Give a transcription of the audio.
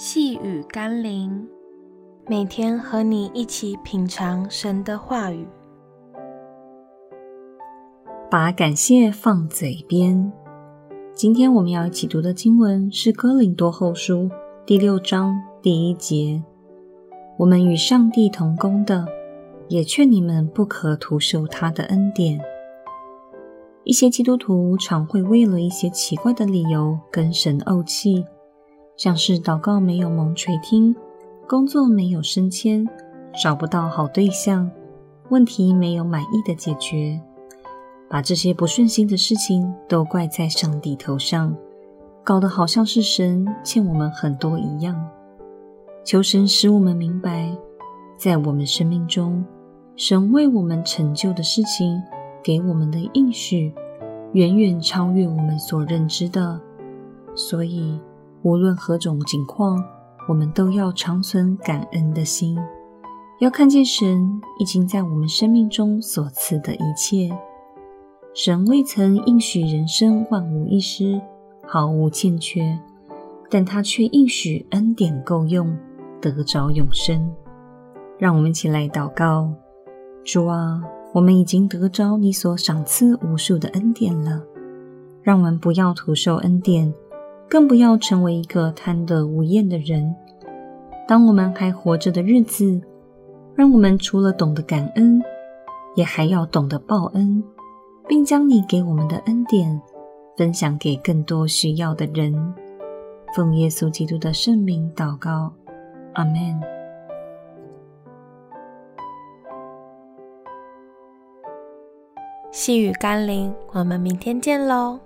細語甘霖，每天和你一起品嘗神的話語，把感謝放嘴邊。今天我們要一起讀的經文是《哥林多後書》第六章第一節：“我們與上帝同工的，也勸你們不可徒受他的恩典。”一些基督徒常會為了一些奇怪的理由跟神慪氣。像是禱告沒有蒙垂聽，工作沒有升遷，找不到好對象，問題沒有滿意的解決，把這些不順心的事情都怪在上帝頭上，搞得好像是神欠我們很多一樣。求神使我們明白，在我們生命中，神為我們成就的事情，給我們的應許，遠遠超越我們所認知的。所以，無論何種境況，我們都要常存感恩的心，要看見神已經在我們生命中所賜的一切。神未曾應許人生萬無一失，毫無欠缺，但他卻應許恩典夠用，得着永生。讓我們一起來禱告：主啊，我們已經得着你所賞賜無數的恩典了，讓我們不要徒受恩典。更不要成為一個貪得無厭的人。當我們還活着的日子，讓我們除了懂得感恩，也還要懂得報恩，並將你給我們的恩典，分享給更多需要的人。奉耶穌基督的聖名禱告，阿們。細語甘霖，我們明天見嘍。